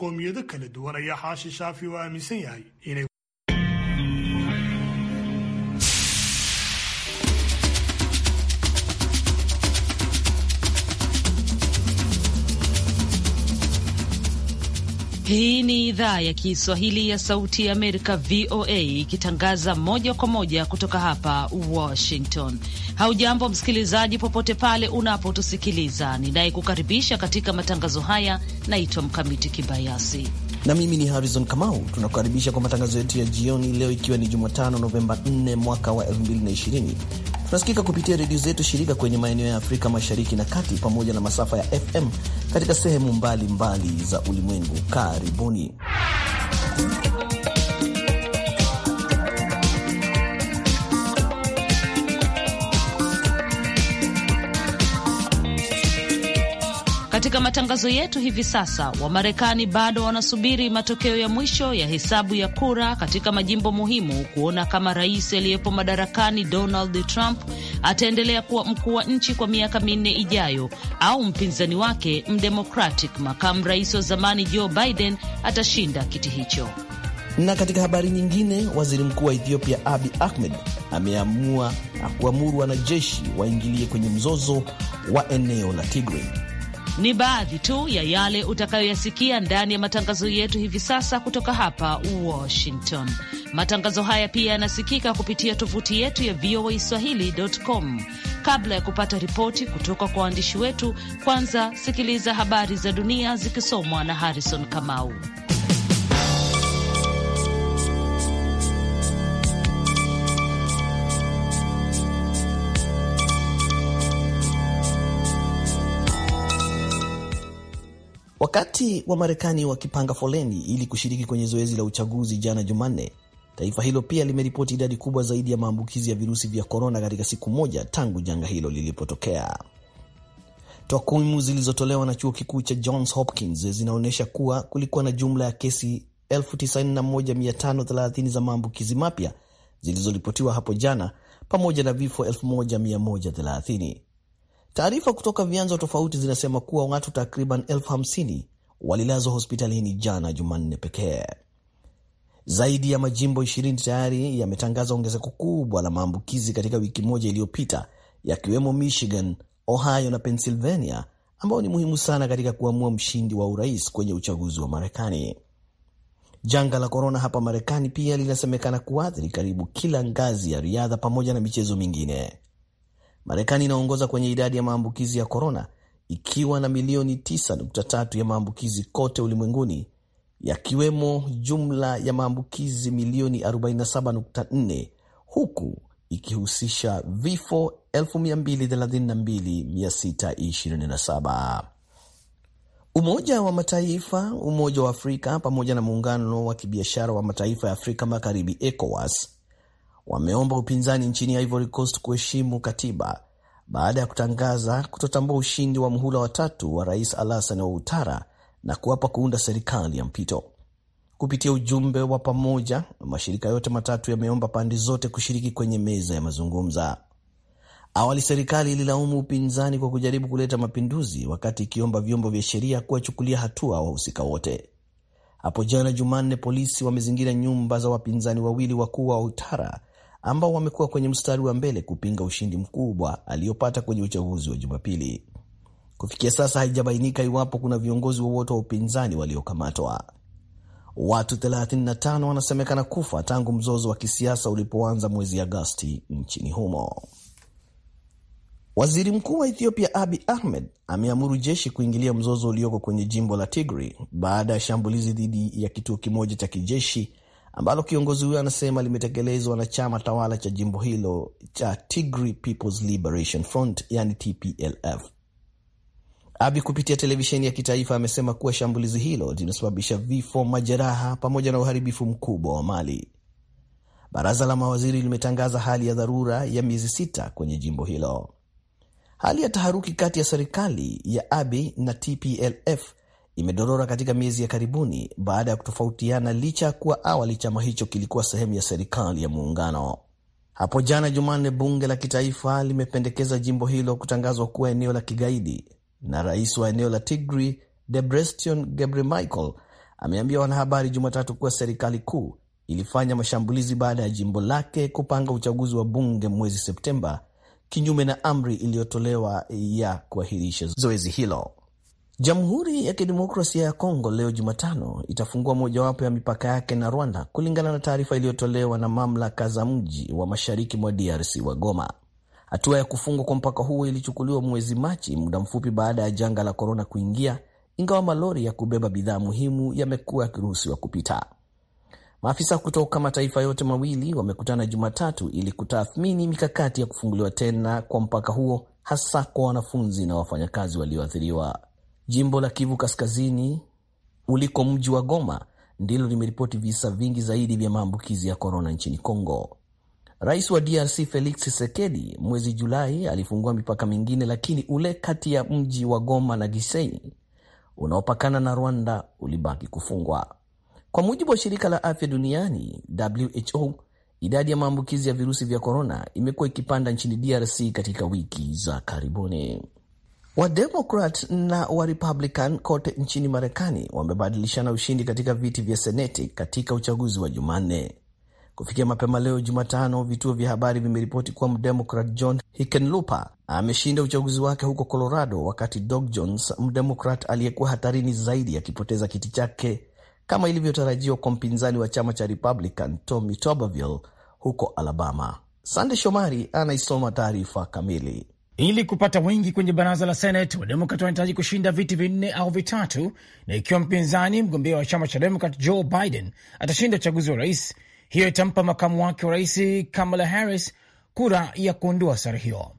qowmiyado kala duwan ayaa xaashi shaafi oo aaminsan yahay inay Hii ni idhaa ya Kiswahili ya Sauti ya Amerika, VOA, ikitangaza moja kwa moja kutoka hapa Washington. Haujambo msikilizaji, popote pale unapotusikiliza. Ninayekukaribisha katika matangazo haya naitwa Mkamiti Kibayasi na mimi ni Harrison Kamau. Tunakukaribisha kwa matangazo yetu ya jioni leo, ikiwa ni Jumatano Novemba 4 mwaka wa 2020 Tunasikika kupitia redio zetu shirika kwenye maeneo ya Afrika Mashariki na Kati pamoja na masafa ya FM katika sehemu mbalimbali mbali za ulimwengu. Karibuni. Katika matangazo yetu hivi sasa, Wamarekani bado wanasubiri matokeo ya mwisho ya hesabu ya kura katika majimbo muhimu kuona kama rais aliyepo madarakani Donald Trump ataendelea kuwa mkuu wa nchi kwa miaka minne ijayo au mpinzani wake mdemokratic makamu rais wa zamani Joe Biden atashinda kiti hicho. Na katika habari nyingine, waziri mkuu wa Ethiopia Abi Ahmed ameamua na kuamuru wanajeshi waingilie kwenye mzozo wa eneo la Tigray. Ni baadhi tu ya yale utakayoyasikia ndani ya matangazo yetu hivi sasa kutoka hapa Washington. Matangazo haya pia yanasikika kupitia tovuti yetu ya VOA Swahili.com. Kabla ya kupata ripoti kutoka kwa waandishi wetu, kwanza sikiliza habari za dunia zikisomwa na Harrison Kamau. Wakati wa Marekani wakipanga foleni ili kushiriki kwenye zoezi la uchaguzi jana Jumanne, taifa hilo pia limeripoti idadi kubwa zaidi ya maambukizi ya virusi vya korona katika siku moja tangu janga hilo lilipotokea. Takwimu zilizotolewa na chuo kikuu cha Johns Hopkins zinaonyesha kuwa kulikuwa na jumla ya kesi 91530 za maambukizi mapya zilizoripotiwa hapo jana pamoja na vifo 1130. Taarifa kutoka vyanzo tofauti zinasema kuwa watu takriban elfu hamsini walilazwa hospitalini jana Jumanne pekee. Zaidi ya majimbo 20 tayari yametangaza ongezeko kubwa la maambukizi katika wiki moja iliyopita, yakiwemo Michigan, Ohio na Pennsylvania, ambao ni muhimu sana katika kuamua mshindi wa urais kwenye uchaguzi wa Marekani. Janga la korona hapa Marekani pia linasemekana kuathiri karibu kila ngazi ya riadha pamoja na michezo mingine. Marekani inaongoza kwenye idadi ya maambukizi ya korona ikiwa na milioni 9.3 ya maambukizi kote ulimwenguni, yakiwemo jumla ya maambukizi milioni 47.4 huku ikihusisha vifo 232627. Umoja wa Mataifa, Umoja wa Afrika pamoja na Muungano wa Kibiashara wa Mataifa ya Afrika Magharibi, ECOWAS wameomba upinzani nchini Ivory Coast kuheshimu katiba baada ya kutangaza kutotambua ushindi wa mhula watatu wa Rais Alassane Ouattara na kuapa kuunda serikali ya mpito. Kupitia ujumbe wa pamoja, mashirika yote matatu yameomba pande zote kushiriki kwenye meza ya mazungumza. Awali serikali ililaumu upinzani kwa kujaribu kuleta mapinduzi, wakati ikiomba vyombo vya sheria kuwachukulia hatua wahusika wote. Hapo jana Jumanne, polisi wamezingira nyumba za wapinzani wawili wakuu wa wa ambao wamekuwa kwenye mstari wa mbele kupinga ushindi mkubwa aliyopata kwenye uchaguzi wa Jumapili. Kufikia sasa haijabainika iwapo kuna viongozi wowote wa upinzani waliokamatwa. Watu 35 wanasemekana kufa tangu mzozo wa kisiasa ulipoanza mwezi Agosti nchini humo. Waziri mkuu wa Ethiopia Abi Ahmed ameamuru jeshi kuingilia mzozo ulioko kwenye jimbo la Tigri baada ya shambulizi dhidi ya kituo kimoja cha kijeshi ambalo kiongozi huyo anasema limetekelezwa na chama tawala cha jimbo hilo cha Tigray People's Liberation Front, yani TPLF. Abi kupitia televisheni ya kitaifa amesema kuwa shambulizi hilo limesababisha vifo, majeraha pamoja na uharibifu mkubwa wa mali. Baraza la mawaziri limetangaza hali ya dharura ya miezi sita kwenye jimbo hilo. Hali ya taharuki kati ya serikali ya Abi na TPLF imedorora katika miezi ya karibuni baada ya kutofautiana licha ya kuwa awali chama hicho kilikuwa sehemu ya serikali ya muungano. Hapo jana Jumanne, bunge la kitaifa limependekeza jimbo hilo kutangazwa kuwa eneo la kigaidi, na rais wa eneo la Tigri Debrestion Michael ameambia wanahabari Jumatatu kuwa serikali kuu ilifanya mashambulizi baada ya jimbo lake kupanga uchaguzi wa bunge mwezi Septemba, kinyume na amri iliyotolewa ya kuahirisha zoezi hilo. Jamhuri ya Kidemokrasia ya Kongo leo Jumatano itafungua mojawapo ya mipaka yake na Rwanda kulingana na taarifa iliyotolewa na mamlaka za mji wa mashariki mwa DRC wa Goma. Hatua ya kufungwa kwa mpaka huo ilichukuliwa mwezi Machi, muda mfupi baada ya janga la korona kuingia, ingawa malori ya kubeba bidhaa muhimu yamekuwa yakiruhusiwa kupita. Maafisa kutoka mataifa yote mawili wamekutana Jumatatu ili kutathmini mikakati ya kufunguliwa tena kwa mpaka huo, hasa kwa wanafunzi na wafanyakazi walioathiriwa. Jimbo la Kivu Kaskazini uliko mji wa Goma ndilo limeripoti visa vingi zaidi vya maambukizi ya korona nchini congo Rais wa DRC Felix Tshisekedi mwezi Julai alifungua mipaka mingine, lakini ule kati ya mji wa Goma na Gisenyi unaopakana na Rwanda ulibaki kufungwa. Kwa mujibu wa shirika la afya duniani WHO, idadi ya maambukizi ya virusi vya korona imekuwa ikipanda nchini DRC katika wiki za karibuni. Wademokrat na Warepublican kote nchini Marekani wamebadilishana ushindi katika viti vya seneti katika uchaguzi wa Jumanne. Kufikia mapema leo Jumatano, vituo vya habari vimeripoti kuwa mdemokrat John Hickenlooper ameshinda uchaguzi wake huko Colorado, wakati Doug Jones, mdemokrat aliyekuwa hatarini zaidi, akipoteza kiti chake kama ilivyotarajiwa kwa mpinzani wa chama cha Republican Tommy Tuberville huko Alabama. Sande Shomari anaisoma taarifa kamili. Ili kupata wingi kwenye baraza la Senate, Wademokrat wanahitaji kushinda viti vinne au vitatu, na ikiwa mpinzani mgombea wa chama cha Demokrat Joe Biden atashinda uchaguzi wa rais, hiyo itampa makamu wake wa rais Kamala Harris kura ya kuondoa sare hiyo.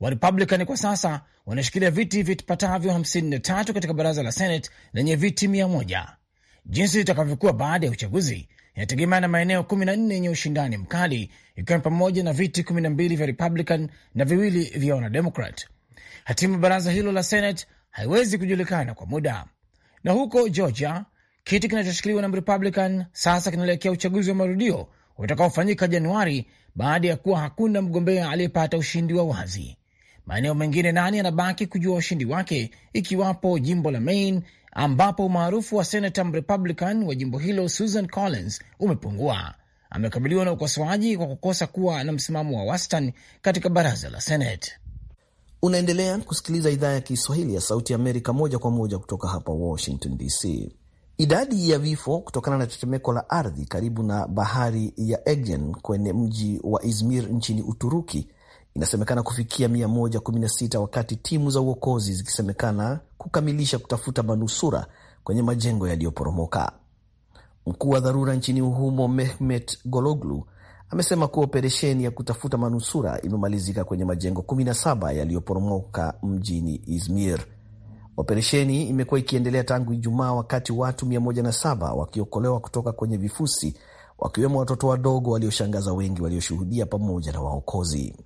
Warepublican kwa sasa wanashikilia viti vipatavyo 53 katika baraza la Senate lenye viti 100. Jinsi itakavyokuwa baada ya uchaguzi inategemea na maeneo kumi na nne yenye ushindani mkali ikiwa ni pamoja na viti kumi na mbili vya Republican na viwili vya Wanademokrat. Hatima baraza hilo la Senate haiwezi kujulikana kwa muda. Na huko Georgia, kiti kinachoshikiliwa na Republican sasa kinaelekea uchaguzi wa marudio utakaofanyika Januari baada ya kuwa hakuna mgombea aliyepata ushindi wa wazi. Maeneo mengine nane yanabaki kujua ushindi wake, ikiwapo jimbo la Maine ambapo umaarufu wa senata Mrepublican wa jimbo hilo Susan Collins umepungua. Amekabiliwa na ukosoaji kwa kukosa kuwa na msimamo wa wastani katika baraza la Senate. Unaendelea kusikiliza idhaa ya Kiswahili ya Sauti Amerika moja kwa moja kutoka hapa Washington DC. Idadi ya vifo kutokana na tetemeko la ardhi karibu na bahari ya Aegean kwenye mji wa Izmir nchini Uturuki inasemekana kufikia 116 wakati timu za uokozi zikisemekana kukamilisha kutafuta manusura kwenye majengo yaliyoporomoka. Mkuu wa dharura nchini humo Mehmet Gologlu amesema kuwa operesheni ya kutafuta manusura imemalizika kwenye majengo 17 yaliyoporomoka mjini Izmir. Operesheni imekuwa ikiendelea tangu Ijumaa, wakati watu 107 wakiokolewa kutoka kwenye vifusi, wakiwemo watoto wadogo walioshangaza wengi walioshuhudia pamoja na waokozi.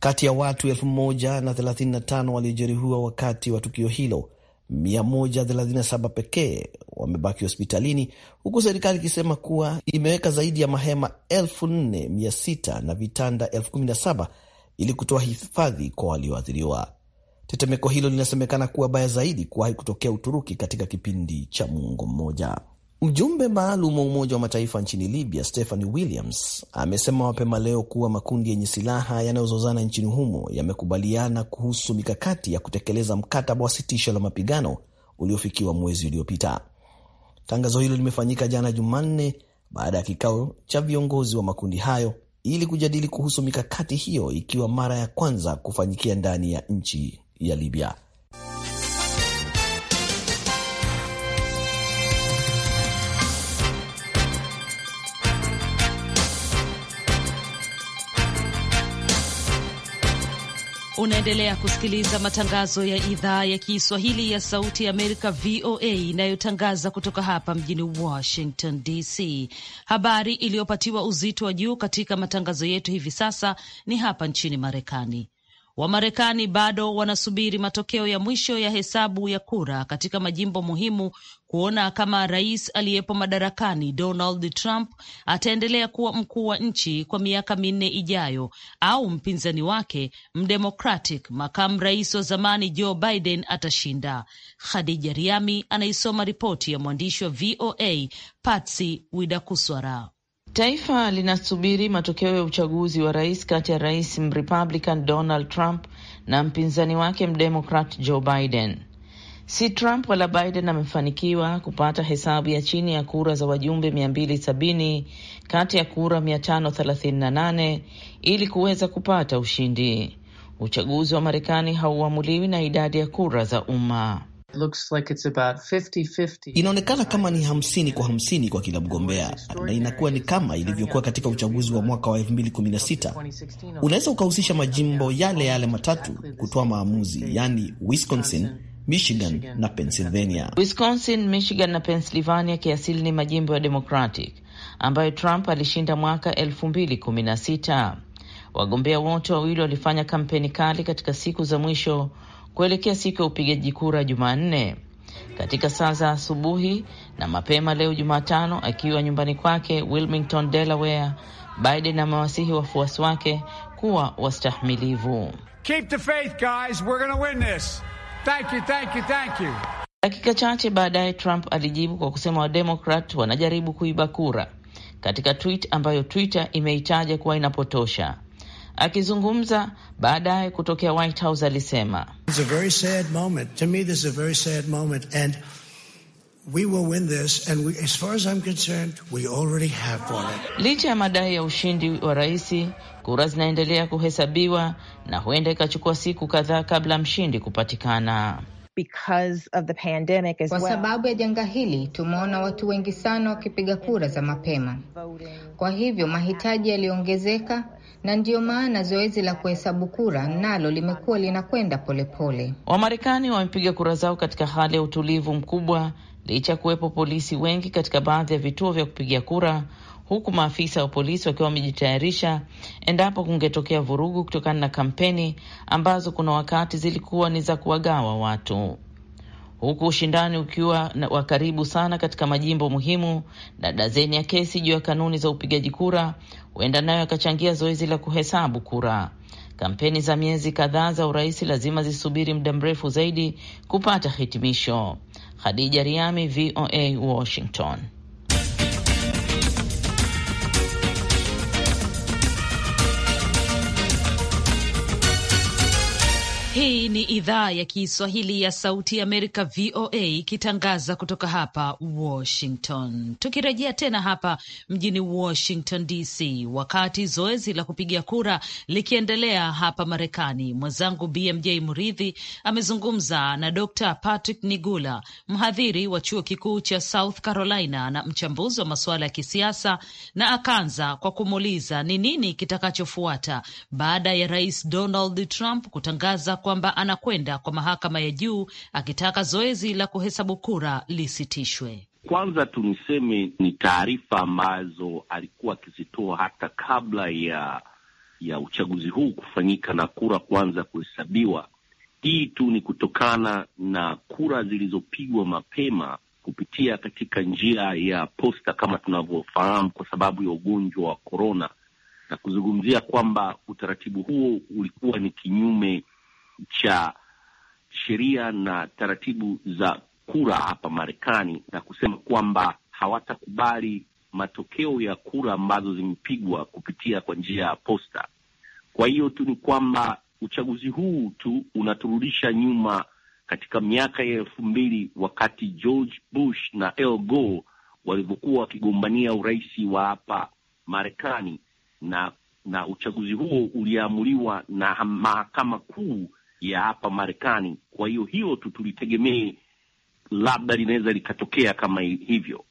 Kati ya watu 1035 waliojeruhiwa wakati wa tukio hilo, 137 pekee wamebaki hospitalini, huku serikali ikisema kuwa imeweka zaidi ya mahema 4600 na vitanda 17,000 ili kutoa hifadhi kwa walioathiriwa. Tetemeko hilo linasemekana kuwa baya zaidi kuwahi kutokea Uturuki katika kipindi cha muongo mmoja. Mjumbe maalum wa Umoja wa Mataifa nchini Libya, Stephanie Williams, amesema mapema leo kuwa makundi yenye silaha yanayozozana nchini humo yamekubaliana kuhusu mikakati ya kutekeleza mkataba wa sitisho la mapigano uliofikiwa mwezi uliopita. Tangazo hilo limefanyika jana Jumanne baada ya kikao cha viongozi wa makundi hayo ili kujadili kuhusu mikakati hiyo, ikiwa mara ya kwanza kufanyikia ndani ya nchi ya Libya. Unaendelea kusikiliza matangazo ya idhaa ya Kiswahili ya Sauti ya Amerika, VOA, inayotangaza kutoka hapa mjini Washington DC. Habari iliyopatiwa uzito wa juu katika matangazo yetu hivi sasa ni hapa nchini Marekani. Wamarekani bado wanasubiri matokeo ya mwisho ya hesabu ya kura katika majimbo muhimu kuona kama rais aliyepo madarakani Donald Trump ataendelea kuwa mkuu wa nchi kwa miaka minne ijayo au mpinzani wake mdemocratic makamu rais wa zamani Joe Biden atashinda. Khadija Riami anaisoma ripoti ya mwandishi wa VOA Patsy Widakuswara. Taifa linasubiri matokeo ya uchaguzi wa rais kati ya rais Mrepublican Donald Trump na mpinzani wake Mdemokrat Joe Biden. Si Trump wala Biden amefanikiwa kupata hesabu ya chini ya kura za wajumbe 270 kati ya kura 538 ili kuweza kupata ushindi. Uchaguzi wa Marekani hauamuliwi na idadi ya kura za umma inaonekana kama ni hamsini kwa hamsini kwa kila mgombea na inakuwa ni kama ilivyokuwa katika uchaguzi wa mwaka wa 2016. Unaweza ukahusisha majimbo yale yale matatu kutoa maamuzi, yani Wisconsin, Michigan na Pennsylvania. Wisconsin, Michigan na Pennsylvania kiasili ni majimbo ya Democratic ambayo Trump alishinda mwaka 2016. Wagombea wote wawili walifanya kampeni kali katika siku za mwisho kuelekea siku ya upigaji kura Jumanne katika saa za asubuhi na mapema leo Jumatano, akiwa nyumbani kwake Wilmington, Delaware, Biden amewasihi wafuasi wake kuwa wastahimilivu. Dakika chache baadaye Trump alijibu kwa kusema Wademokrat wanajaribu kuiba kura katika tweet ambayo Twitter imeitaja kuwa inapotosha. Akizungumza baadaye kutokea White House alisema licha ya madai ya ushindi wa rais, kura zinaendelea kuhesabiwa na huenda ikachukua siku kadhaa kabla mshindi kupatikana. Because of the pandemic as well. Kwa sababu ya janga hili tumeona watu wengi sana wakipiga kura za mapema, kwa hivyo mahitaji yaliongezeka na ndiyo maana zoezi la kuhesabu kura nalo limekuwa linakwenda polepole. Wamarekani wamepiga kura zao katika hali ya utulivu mkubwa, licha ya kuwepo polisi wengi katika baadhi ya vituo vya kupiga kura, huku maafisa wa polisi wakiwa wamejitayarisha endapo kungetokea vurugu kutokana na kampeni ambazo kuna wakati zilikuwa ni za kuwagawa watu huku ushindani ukiwa wa karibu sana katika majimbo muhimu, na dazeni ya kesi juu ya kanuni za upigaji kura huenda nayo akachangia zoezi la kuhesabu kura. Kampeni za miezi kadhaa za urais lazima zisubiri muda mrefu zaidi kupata hitimisho. Khadija Riami, VOA, Washington. Hii ni idhaa ya Kiswahili ya Sauti ya Amerika, VOA, ikitangaza kutoka hapa Washington. Tukirejea tena hapa mjini Washington DC, wakati zoezi la kupiga kura likiendelea hapa Marekani, mwenzangu BMJ Muridhi amezungumza na Dr Patrick Nigula, mhadhiri wa chuo kikuu cha South Carolina na mchambuzi wa masuala ya kisiasa, na akaanza kwa kumuuliza ni nini kitakachofuata baada ya Rais Donald Trump kutangaza kwamba anakwenda kwa mahakama ya juu akitaka zoezi la kuhesabu kura lisitishwe. Kwanza tu niseme ni taarifa ambazo alikuwa akizitoa hata kabla ya ya uchaguzi huu kufanyika na kura kuanza kuhesabiwa. Hii tu ni kutokana na kura zilizopigwa mapema kupitia katika njia ya posta kama tunavyofahamu, kwa sababu ya ugonjwa wa korona, na kuzungumzia kwamba utaratibu huo ulikuwa ni kinyume cha sheria na taratibu za kura hapa Marekani na kusema kwamba hawatakubali matokeo ya kura ambazo zimepigwa kupitia kwa njia ya posta. Kwa hiyo tu ni kwamba uchaguzi huu tu unaturudisha nyuma katika miaka ya elfu mbili wakati George Bush na Al Gore walivyokuwa wakigombania urais wa hapa Marekani, na na uchaguzi huo uliamuliwa na mahakama kuu ya hapa Marekani. Kwa hiyo hiyo tu tulitegemee labda linaweza likatokea kama hivyo.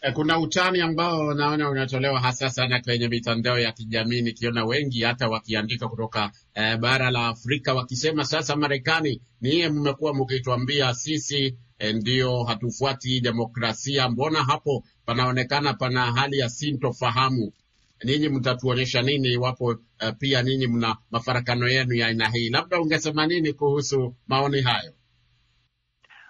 Eh, kuna utani ambao naona unatolewa hasa sana kwenye mitandao ya kijamii, nikiona wengi hata wakiandika kutoka e, bara la Afrika wakisema sasa, Marekani niye mmekuwa mkituambia sisi e, ndio hatufuati demokrasia, mbona hapo panaonekana pana hali ya sintofahamu ninyi mtatuonyesha nini iwapo uh, pia ninyi mna mafarakano yenu ya aina hii? Labda ungesema nini kuhusu maoni hayo?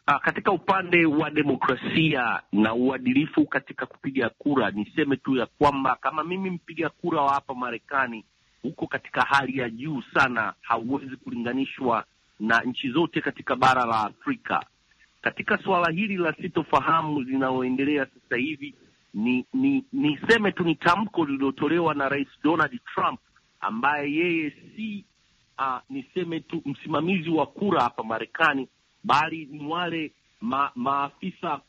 Uh, katika upande wa demokrasia na uadilifu katika kupiga kura, niseme tu ya kwamba kama mimi mpiga kura wa hapa Marekani huko katika hali ya juu sana, hauwezi kulinganishwa na nchi zote katika bara la Afrika. Katika suala hili la sitofahamu zinaoendelea sasa hivi, ni, ni niseme tu ni tamko lililotolewa na Rais Donald Trump ambaye yeye si uh, niseme tu msimamizi wa kura hapa Marekani, bali ni wale ma, maafisa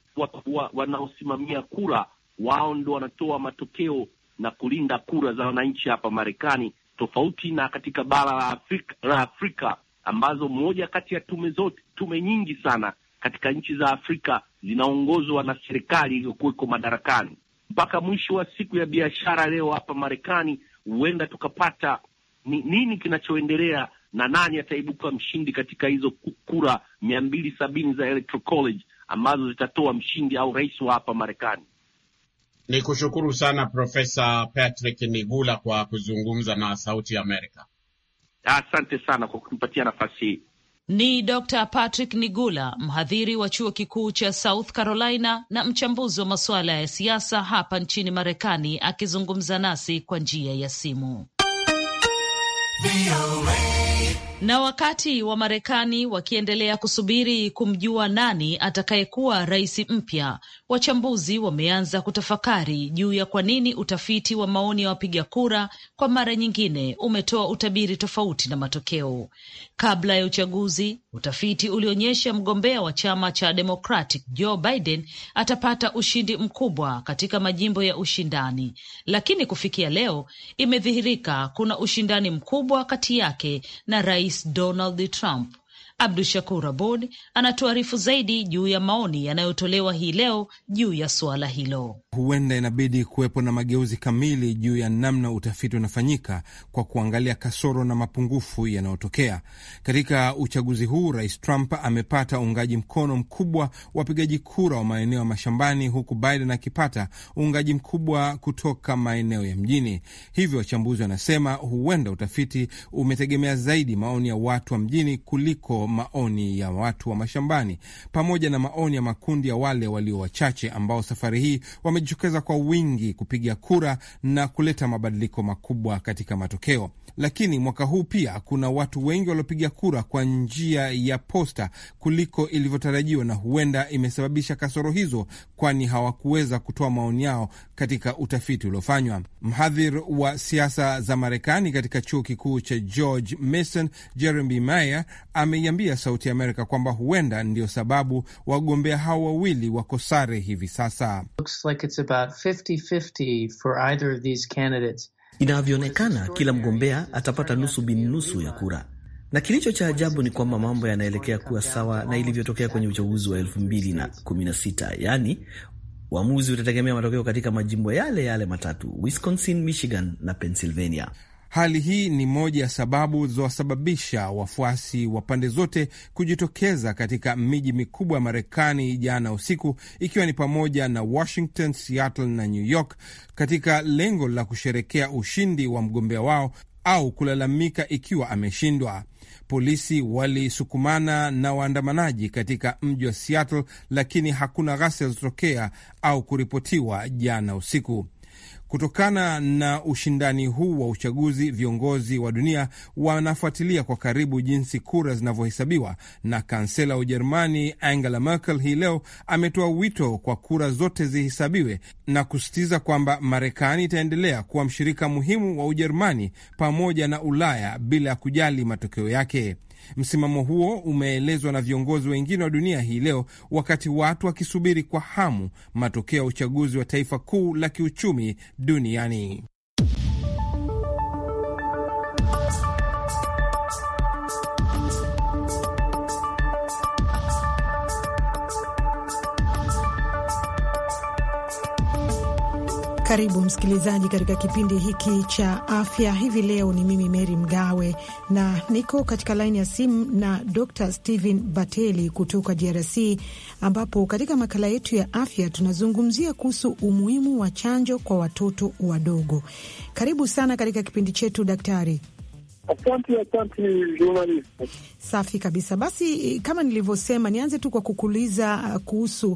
wanaosimamia wa, wa kura wao ndo wanatoa matokeo na kulinda kura za wananchi hapa Marekani, tofauti na katika bara la Afrika, la Afrika ambazo moja kati ya tume zote tume nyingi sana katika nchi za Afrika zinaongozwa na serikali iliyokuweko madarakani. Mpaka mwisho wa siku ya biashara leo hapa Marekani, huenda tukapata ni nini kinachoendelea na nani ataibuka mshindi katika hizo kura mia mbili sabini za Electoral College ambazo zitatoa mshindi au rais wa hapa Marekani. Ni kushukuru sana Profesa Patrick Nigula kwa kuzungumza na Sauti ya Amerika. Asante sana kwa kunipatia nafasi hii. Ni Dr Patrick Nigula, mhadhiri wa chuo kikuu cha South Carolina na mchambuzi wa masuala ya siasa hapa nchini Marekani, akizungumza nasi kwa njia ya simu. Na wakati wa Marekani wakiendelea kusubiri kumjua nani atakayekuwa rais mpya, wachambuzi wameanza kutafakari juu ya kwa nini utafiti wa maoni ya wapiga kura kwa mara nyingine umetoa utabiri tofauti na matokeo. Kabla ya uchaguzi, utafiti ulionyesha mgombea wa chama cha Democratic Joe Biden atapata ushindi mkubwa katika majimbo ya ushindani, lakini kufikia leo imedhihirika kuna ushindani mkubwa kati yake na Rais Donald Trump Abdu Shakur Abud anatuarifu zaidi juu ya maoni yanayotolewa hii leo juu ya suala hilo. Huenda inabidi kuwepo na mageuzi kamili juu ya namna utafiti unafanyika kwa kuangalia kasoro na mapungufu yanayotokea katika uchaguzi huu. Rais Trump amepata uungaji mkono mkubwa wa wapigaji kura wa maeneo ya mashambani, huku Biden akipata uungaji mkubwa kutoka maeneo ya mjini. Hivyo wachambuzi wanasema huenda utafiti umetegemea zaidi maoni ya watu wa mjini kuliko maoni ya watu wa mashambani pamoja na maoni ya makundi ya wale walio wachache ambao safari hii wamejitokeza kwa wingi kupiga kura na kuleta mabadiliko makubwa katika matokeo. Lakini mwaka huu pia kuna watu wengi waliopiga kura kwa njia ya posta kuliko ilivyotarajiwa, na huenda imesababisha kasoro hizo, kwani hawakuweza kutoa maoni yao katika utafiti uliofanywa. Mhadhiri wa siasa za Marekani katika chuo kikuu cha George Mason, Jeremy Mayer ameiambia ameiambia Sauti Amerika kwamba huenda ndio sababu wagombea hao wawili wako sare hivi sasa. Inavyoonekana kila mgombea atapata nusu bin nusu ya kura, na kilicho cha ajabu ni kwamba mambo yanaelekea kuwa sawa na ilivyotokea kwenye uchaguzi wa 2016 yaani uamuzi utategemea matokeo katika majimbo yale yale matatu: Wisconsin, Michigan na Pennsylvania. Hali hii ni moja ya sababu zilizowasababisha wafuasi wa pande zote kujitokeza katika miji mikubwa ya Marekani jana usiku, ikiwa ni pamoja na Washington, Seattle na New York, katika lengo la kusherekea ushindi wa mgombea wao au kulalamika ikiwa ameshindwa. Polisi walisukumana na waandamanaji katika mji wa Seattle, lakini hakuna ghasia zilizotokea au kuripotiwa jana usiku. Kutokana na ushindani huu wa uchaguzi, viongozi wa dunia wanafuatilia kwa karibu jinsi kura zinavyohesabiwa, na kansela wa Ujerumani Angela Merkel hii leo ametoa wito kwa kura zote zihesabiwe na kusisitiza kwamba Marekani itaendelea kuwa mshirika muhimu wa Ujerumani pamoja na Ulaya bila ya kujali matokeo yake. Msimamo huo umeelezwa na viongozi wengine wa dunia hii leo, wakati watu wakisubiri kwa hamu matokeo ya uchaguzi wa taifa kuu la kiuchumi duniani. Karibu msikilizaji katika kipindi hiki cha afya hivi leo. Ni mimi Meri Mgawe na niko katika laini ya simu na Dr Stephen Bateli kutoka DRC, ambapo katika makala yetu ya afya tunazungumzia kuhusu umuhimu wa chanjo kwa watoto wadogo. Karibu sana katika kipindi chetu daktari. Asante, asante journalist. Safi kabisa. Basi kama nilivyosema, nianze tu kwa kukuuliza uh, kuhusu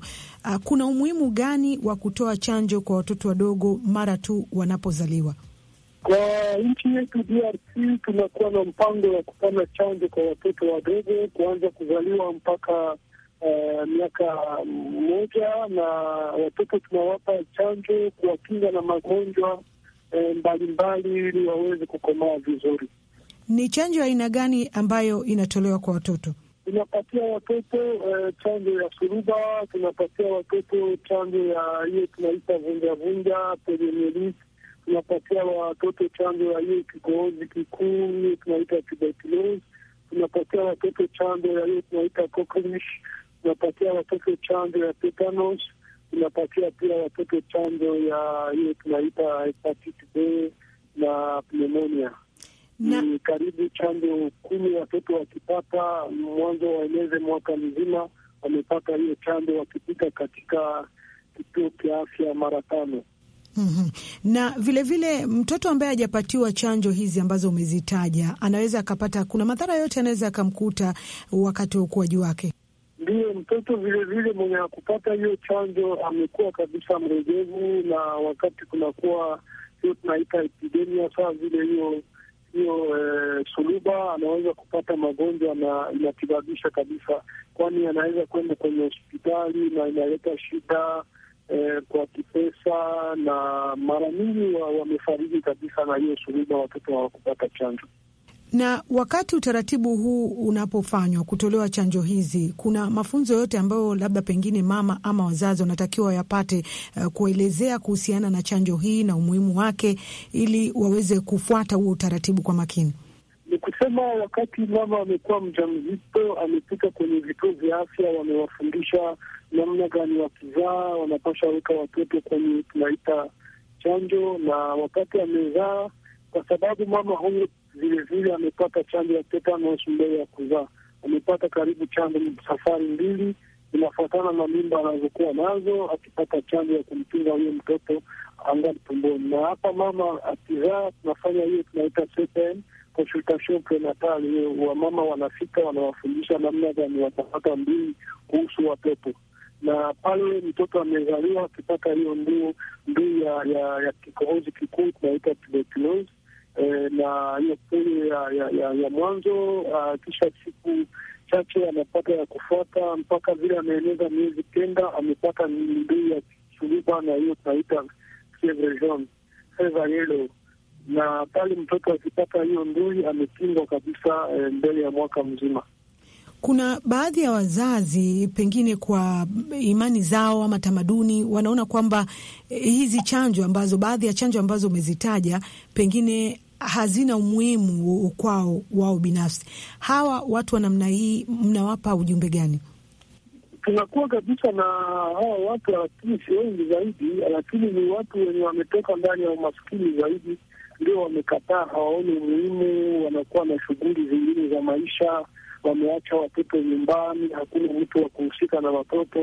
uh, kuna umuhimu gani wa kutoa chanjo kwa watoto wadogo mara tu wanapozaliwa? Kwa nchi yetu DRC tunakuwa na mpango wa kufanya chanjo kwa watoto wadogo kuanza kuzaliwa mpaka uh, miaka mmoja, na watoto tunawapa chanjo kuwakinga na magonjwa eh, mbalimbali ili waweze kukomaa vizuri. Ni chanjo ya aina gani ambayo inatolewa kwa watoto? Tunapatia watoto eh, chanjo ya suruba, tunapatia watoto chanjo ya hiyo tunaita vunjavunja poliomieliti, tunapatia watoto chanjo ya hiyo kikohozi kikuu, hiyo tunaita tuberculosis, tunapatia watoto chanjo ya hiyo tunaita cockroach, tunapatia watoto chanjo ya tetanus, tunapatia pia watoto chanjo ya hiyo tunaita hepatitis B na pneumonia ni mm. karibu chanjo kumi watoto wakipata mwanzo waeleze mwaka mzima wamepata hiyo chanjo wakipita katika kituo cha afya mara tano. Mm-hmm. Na vilevile vile, mtoto ambaye hajapatiwa chanjo hizi ambazo umezitaja anaweza akapata, kuna madhara yote anaweza akamkuta wakati wa ukuaji wake. Ndiyo, mtoto vilevile mwenye akupata hiyo chanjo amekuwa kabisa mregevu, na wakati kunakuwa hiyo tunaita epidemia saa vile hiyo hiyo e, suluba anaweza kupata magonjwa na inatibabisha kabisa, kwani anaweza kwenda kwenye hospitali na inaleta shida e, kwa kipesa, na mara nyingi wamefariki wa kabisa na hiyo suluba, watoto hawakupata chanjo. Na wakati utaratibu huu unapofanywa kutolewa chanjo hizi, kuna mafunzo yote ambayo labda pengine mama ama wazazi wanatakiwa yapate, uh, kuelezea kuhusiana na chanjo hii na umuhimu wake, ili waweze kufuata huo utaratibu kwa makini. Ni kusema wakati mama amekuwa mjamzito, amefika kwenye vituo vya afya, wamewafundisha namna gani wakizaa wanapasha weka watoto kwenye tunaita chanjo, na wakati amezaa, kwa sababu mama huyo vilevile amepata chanjo ya tetanus mbele ya kuzaa, amepata karibu chanjo safari mbili, inafuatana na mimba anazokuwa nazo, akipata chanjo ya kumtunga huyo mtoto angali tumboni. Na hapa mama akizaa, tunafanya hiyo tunaita CPN, consultation prenatal. Wamama wanafika wanawafundisha namna gani watapata mbili kuhusu watoto na pale mtoto amezaliwa akipata hiyo nduu nduu ya, ya, ya kikohozi kikuu tunaita tuberculosis Eh, na hiyo pole ya, ya, ya mwanzo uh, kisha siku chache amepata ya kufuata mpaka vile ameeneza miezi kenda amepata ndui ya suluba na hiyo tunaita seva na pale mtoto akipata hiyo ndui amekingwa kabisa eh, mbele ya mwaka mzima. Kuna baadhi ya wazazi pengine kwa imani zao ama tamaduni wanaona kwamba eh, hizi chanjo ambazo, baadhi ya chanjo ambazo umezitaja, pengine hazina umuhimu kwao wao binafsi. Hawa watu wa namna hii mnawapa ujumbe gani? Tunakuwa kabisa na hawa watu si wengi zaidi, lakini ni watu wenye wametoka ndani ya umaskini zaidi, ndio wamekataa, hawaoni umuhimu, wanakuwa na shughuli zingine za maisha, wameacha watoto nyumbani, hakuna mtu wa kuhusika na watoto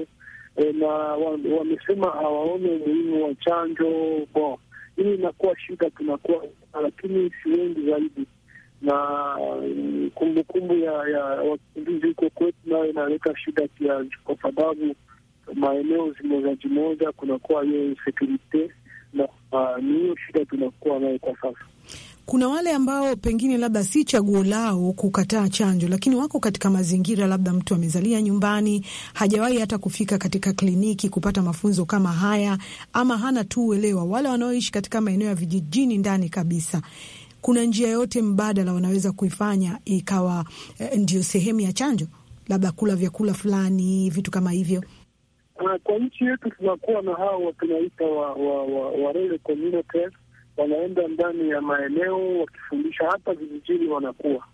e, na wamesema hawaoni umuhimu wa chanjo bo hii inakuwa shida, tunakuwa lakini si wengi zaidi, na mm, kumbukumbu ya ya wakimbizi huko kwetu nayo inaleta shida pia, kwa sababu maeneo zimoja jimoja kunakuwa hiyo insekurite, na uh, ni hiyo shida tunakuwa nayo kwa sasa kuna wale ambao pengine labda si chaguo lao kukataa chanjo, lakini wako katika mazingira labda mtu amezalia nyumbani, hajawahi hata kufika katika kliniki kupata mafunzo kama haya, ama hana tu uelewa. Wale wanaoishi katika maeneo ya vijijini ndani kabisa kuna njia yote mbadala wanaweza kuifanya ikawa e, ndio sehemu ya chanjo, labda kula vyakula fulani, vitu kama hivyo. Ah, kwa nchi yetu tunakuwa na hao tunaita wa, wa, wa, wa wanaenda ndani ya maeneo wakifundisha hapa vijijini, wanakuwa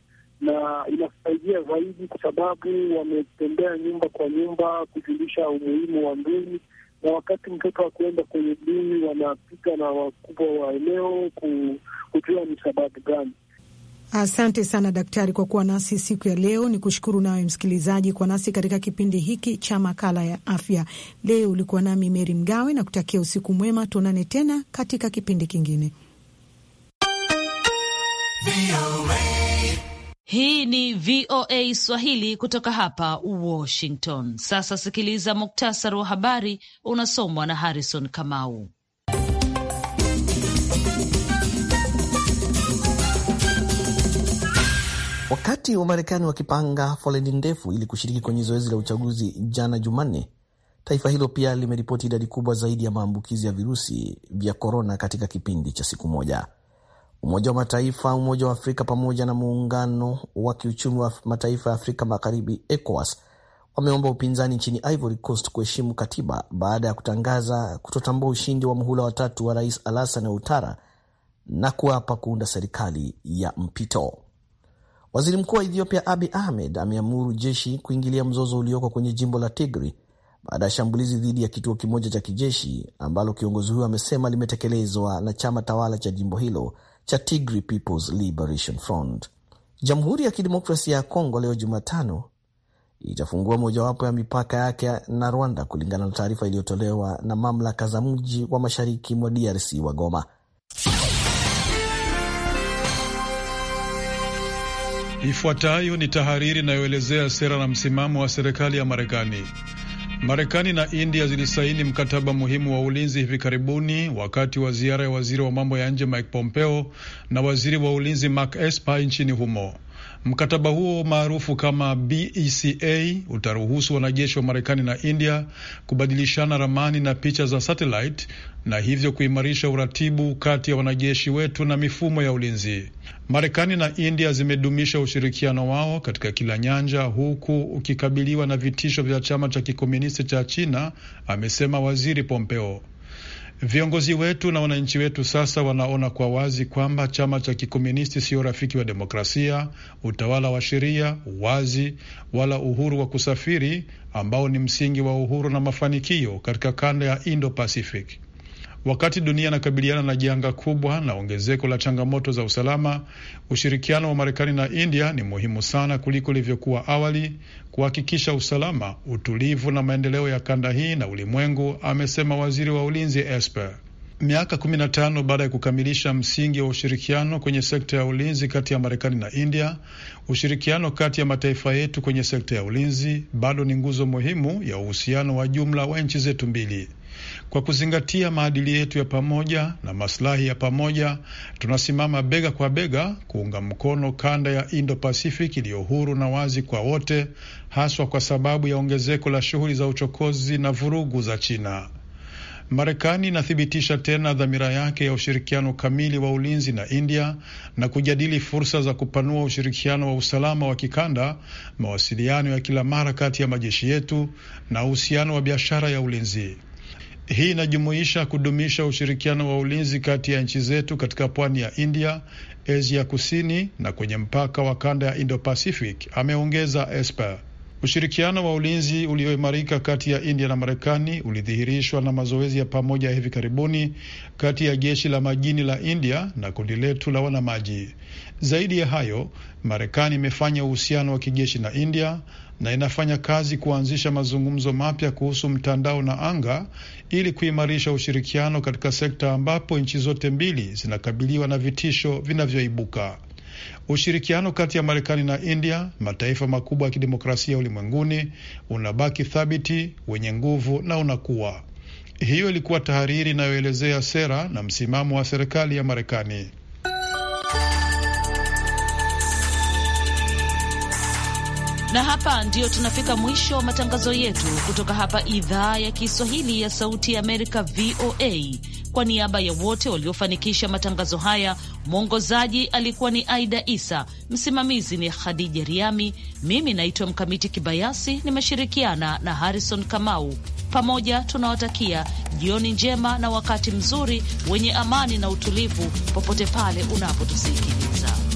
na inasaidia zaidi, kwa sababu wametembea nyumba kwa nyumba kufundisha umuhimu wa dini, na wakati mtoto wa kuenda kwenye dini wanapika na wakubwa wa eneo kujua ni sababu gani Asante sana daktari kwa kuwa nasi siku ya leo. Ni kushukuru nawe msikilizaji kwa nasi katika kipindi hiki cha makala ya afya. Leo ulikuwa nami Meri Mgawe na kutakia usiku mwema, tuonane tena katika kipindi kingine. Hii ni VOA Swahili kutoka hapa Washington. Sasa sikiliza muktasari wa habari unasomwa na Harrison Kamau. Wakati wa Marekani wakipanga foleni ndefu ili kushiriki kwenye zoezi la uchaguzi jana Jumanne, taifa hilo pia limeripoti idadi kubwa zaidi ya maambukizi ya virusi vya korona katika kipindi cha siku moja. Umoja wa Mataifa, Umoja wa Afrika pamoja na Muungano wa Kiuchumi wa Mataifa ya Afrika Magharibi, ECOWAS, wameomba upinzani nchini Ivory Coast kuheshimu katiba baada ya kutangaza kutotambua ushindi wa muhula watatu wa Rais Alassane Ouattara na kuapa kuunda serikali ya mpito. Waziri mkuu wa Ethiopia abi Ahmed ameamuru jeshi kuingilia mzozo ulioko kwenye jimbo la tigri baada ya shambulizi dhidi ya kituo kimoja cha kijeshi ambalo kiongozi huyo amesema limetekelezwa na chama tawala cha jimbo hilo cha Tigri People's Liberation Front. Jamhuri ya Kidemokrasia ya Kongo leo Jumatano itafungua mojawapo ya mipaka yake na Rwanda kulingana na taarifa iliyotolewa na mamlaka za mji wa mashariki mwa DRC wa Goma. Ifuatayo ni tahariri inayoelezea sera na msimamo wa serikali ya Marekani. Marekani na India zilisaini mkataba muhimu wa ulinzi hivi karibuni wakati wa ziara ya waziri wa mambo ya nje Mike Pompeo na waziri wa ulinzi Mark Esper nchini humo. Mkataba huo maarufu kama BECA utaruhusu wanajeshi wa Marekani na India kubadilishana ramani na picha za satellite na hivyo kuimarisha uratibu kati ya wanajeshi wetu na mifumo ya ulinzi. Marekani na India zimedumisha ushirikiano wao katika kila nyanja, huku ukikabiliwa na vitisho vya chama cha kikomunisti cha China, amesema Waziri Pompeo. Viongozi wetu na wananchi wetu sasa wanaona kwa wazi kwamba chama cha kikomunisti sio rafiki wa demokrasia, utawala wa sheria, wazi wala uhuru wa kusafiri ambao ni msingi wa uhuru na mafanikio katika kanda ya Indo-Pacific. Wakati dunia inakabiliana na janga kubwa na ongezeko la changamoto za usalama, ushirikiano wa Marekani na India ni muhimu sana kuliko ilivyokuwa awali kuhakikisha usalama, utulivu na maendeleo ya kanda hii na ulimwengu, amesema waziri wa ulinzi Esper. Miaka 15 baada ya kukamilisha msingi wa ushirikiano kwenye sekta ya ulinzi kati ya Marekani na India, ushirikiano kati ya mataifa yetu kwenye sekta ya ulinzi bado ni nguzo muhimu ya uhusiano wa jumla wa nchi zetu mbili. Kwa kuzingatia maadili yetu ya pamoja na maslahi ya pamoja, tunasimama bega kwa bega kuunga mkono kanda ya Indo-Pacific iliyo huru na wazi kwa wote, haswa kwa sababu ya ongezeko la shughuli za uchokozi na vurugu za China. Marekani inathibitisha tena dhamira yake ya ushirikiano kamili wa ulinzi na India na kujadili fursa za kupanua ushirikiano wa usalama wa kikanda, mawasiliano ya kila mara kati ya majeshi yetu na uhusiano wa biashara ya ulinzi. Hii inajumuisha kudumisha ushirikiano wa ulinzi kati ya nchi zetu katika pwani ya India, Asia Kusini na kwenye mpaka wa kanda ya Indo Pacific, ameongeza Esper. Ushirikiano wa ulinzi ulioimarika kati ya India na Marekani ulidhihirishwa na mazoezi ya pamoja ya hivi karibuni kati ya jeshi la majini la India na kundi letu la wanamaji. Zaidi ya hayo, Marekani imefanya uhusiano wa kijeshi na India na inafanya kazi kuanzisha mazungumzo mapya kuhusu mtandao na anga ili kuimarisha ushirikiano katika sekta ambapo nchi zote mbili zinakabiliwa na vitisho vinavyoibuka. Ushirikiano kati ya Marekani na India, mataifa makubwa ya kidemokrasia ulimwenguni, unabaki thabiti, wenye nguvu na unakuwa. Hiyo ilikuwa tahariri inayoelezea sera na msimamo wa serikali ya Marekani. Na hapa ndiyo tunafika mwisho wa matangazo yetu kutoka hapa idhaa ya Kiswahili ya Sauti ya Amerika, VOA. Kwa niaba ya wote waliofanikisha matangazo haya, mwongozaji alikuwa ni Aida Isa, msimamizi ni Khadija Riami, mimi naitwa Mkamiti Kibayasi, nimeshirikiana na Harrison Kamau. Pamoja tunawatakia jioni njema na wakati mzuri wenye amani na utulivu popote pale unapotusikiliza.